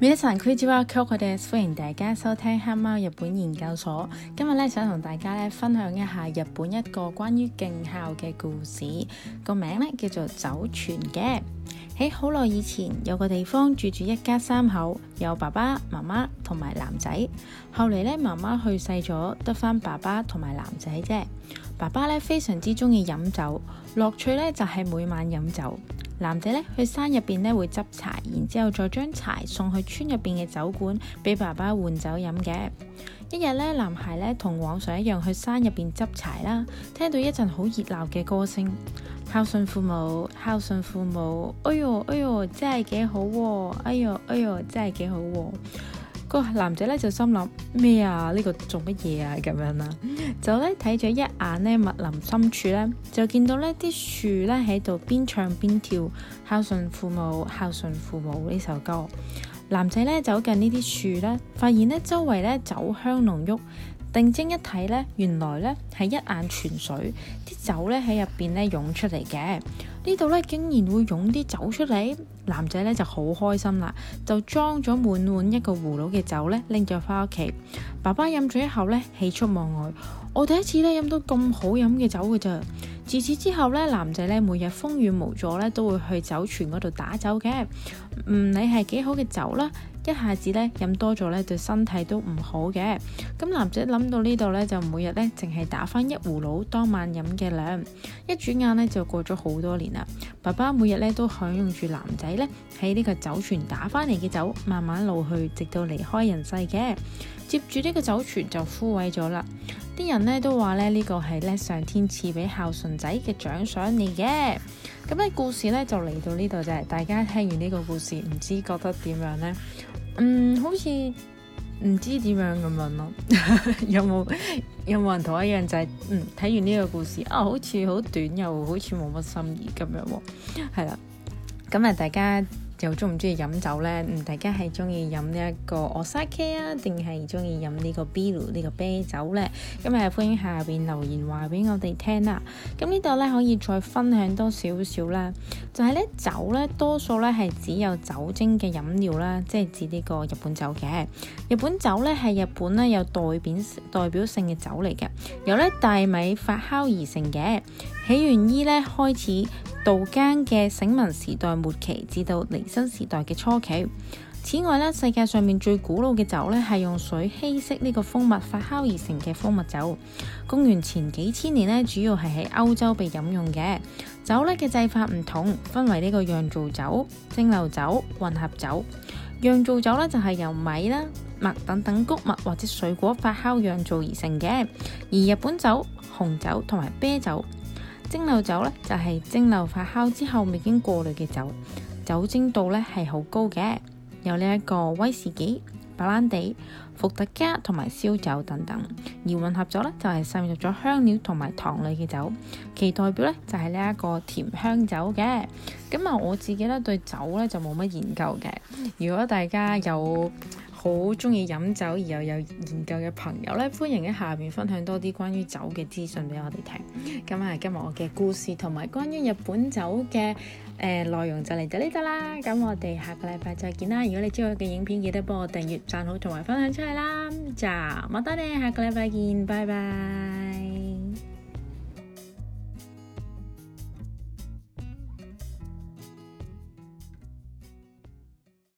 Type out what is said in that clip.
皆さん、こんにちは。歡迎大家收聽黑貓日本研究所。今日咧想同大家咧分享一下日本一個關於敬孝嘅故事，個名咧叫做酒泉嘅。喺好耐以前，有個地方住住一家三口，有爸爸、媽媽同埋男仔。後嚟咧，媽媽去世咗，得翻爸爸同埋男仔啫。爸爸咧非常之中意飲酒，樂趣咧就係每晚飲酒。男仔咧去山入邊咧會執柴，然之後再將柴送去村入邊嘅酒館，俾爸爸換酒飲嘅。一日咧，男孩咧同往常一樣去山入邊執柴啦，聽到一陣好熱鬧嘅歌聲：孝順父母，孝順父母，哎呦哎呦，真係幾好喎，啊，哎呦哎呦，真係幾好喎，啊。個、哦、男仔咧就心諗咩、這個、啊？呢個做乜嘢啊？咁樣啊，就咧睇咗一眼呢密林深處咧就見到呢啲樹咧喺度邊唱邊跳《孝順父母，孝順父母》呢首歌。男仔咧走近呢啲樹咧，發現呢周圍咧酒香濃郁。定睛一睇咧，原來咧係一眼泉水，啲酒咧喺入邊咧湧出嚟嘅。呢度咧竟然會湧啲酒出嚟。男仔咧就好開心啦，就裝咗滿滿一個葫蘆嘅酒咧，拎咗返屋企。爸爸飲咗一口咧，喜出望外，我第一次咧飲到咁好飲嘅酒嘅咋。自此之後咧，男仔咧每日風雨無阻咧，都會去酒泉嗰度打酒嘅。唔理係幾好嘅酒啦。一下子咧飲多咗咧，對身體都唔好嘅。咁男仔諗到呢度咧，就每日咧淨係打翻一葫蘆，當晚飲嘅量。一轉眼咧就過咗好多年啦。爸爸每日咧都享用住男仔咧喺呢個酒泉打翻嚟嘅酒，慢慢老去，直到離開人世嘅。接住呢個酒泉就枯萎咗啦。啲人咧都話咧呢、呢個係咧上天賜俾孝順仔嘅獎賞嚟嘅，咁咧故事咧就嚟到呢度就係。大家聽完呢個故事唔知覺得點樣呢？嗯，好似唔知點樣咁樣咯。 有冇有冇人同我一樣就係、是、嗯睇完呢個故事啊？好似好短，又好似冇乜心意咁樣。係啦，咁啊大家。就中唔中意飲酒呢，嗯，大家係中意飲呢一個 Osake 啊，定係中意飲呢個 Biru 呢個啤酒呢？咁咪歡迎下邊留言話俾我哋聽啦。咁呢度呢，可以再分享多少少啦。就係呢酒呢，多數呢係指有酒精嘅飲料啦，即係指呢個日本酒嘅。日本酒呢，係日本呢有代表代表性嘅酒嚟嘅，由呢大米發酵而成嘅。起源於呢開始。道間嘅繩文時代末期至到彌生時代嘅初期。此外呢，世界上面最古老嘅酒呢，係用水稀釋呢個蜂蜜發酵而成嘅蜂蜜酒。公元前幾千年呢，主要係喺歐洲被飲用嘅。酒呢，嘅製法唔同，分為呢個釀造酒、蒸餾酒、混合酒。釀造酒呢，就係由米啦、麥等等穀物或者水果發酵釀造而成嘅。而日本酒、紅酒同埋啤酒。蒸餾酒咧就係蒸餾發酵之後未經過濾嘅酒，酒精度咧係好高嘅，有呢一個威士忌、白蘭地、伏特加同埋燒酒等等。而混合酒咧就係滲入咗香料同埋糖類嘅酒，其代表咧就係呢一個甜香酒嘅。咁啊我自己咧對酒咧就冇乜研究嘅，如果大家有。好中意飲酒而又有研究嘅朋友咧，歡迎喺下面分享多啲關於酒嘅資訊俾我哋聽。咁啊，今日我嘅故事同埋關於日本酒嘅誒內容就嚟到呢度啦。咁我哋下個禮拜再見啦。如果你中意我嘅影片，記得幫我訂閱、讚好同埋分享出去啦。咋，咁多你，下個禮拜見，拜拜。